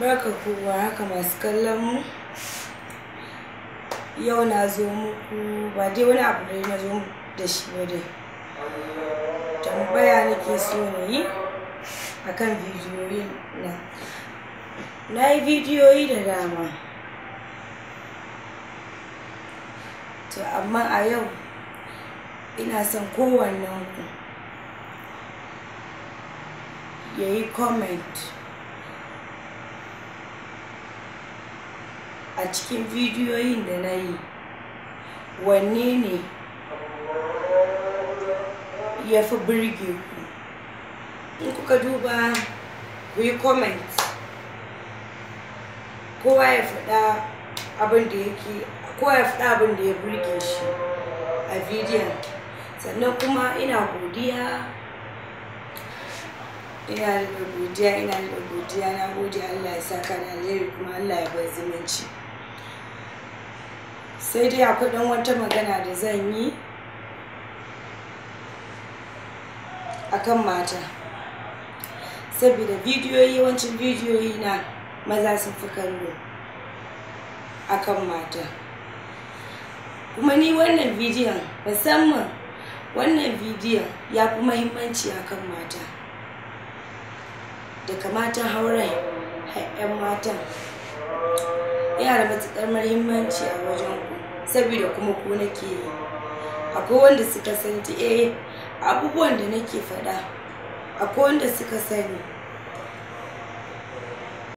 barka kowa haka masu kallon mu yau na zo muku ba dai wani abu da na zo da shi ba dai tambaya nake so ne yi a kan bidiyoyi na na yi bidiyoyi da dama to amma a yau ina son kowannen ku ya yi comment a cikin bidiyoyin da na yi wanne ne ya fi birge ku in kuka duba ku yi comment kowa ya faɗa abin da yake kowa ya faɗa abin da ya birge shi a bidiyon sannan kuma ina godiya ina da godiya ina da godiya na gode Allah ya saka na alheri kuma Allah ya bar zumunci sai dai akwai ɗan wata magana da zan yi a kan mata saboda bidiyoyi yawancin bidiyoyi na maza sun fi kallo kan mata kuma ni wannan bidiyon musamman wannan bidiyon ya fi mahimmanci kan mata da kamata hauren 'yan matan yara da matuƙar muhimmanci a wajen ku saboda kuma ku nake yi akwai wanda suka san eh abubuwan da nake faɗa akwai wanda suka sani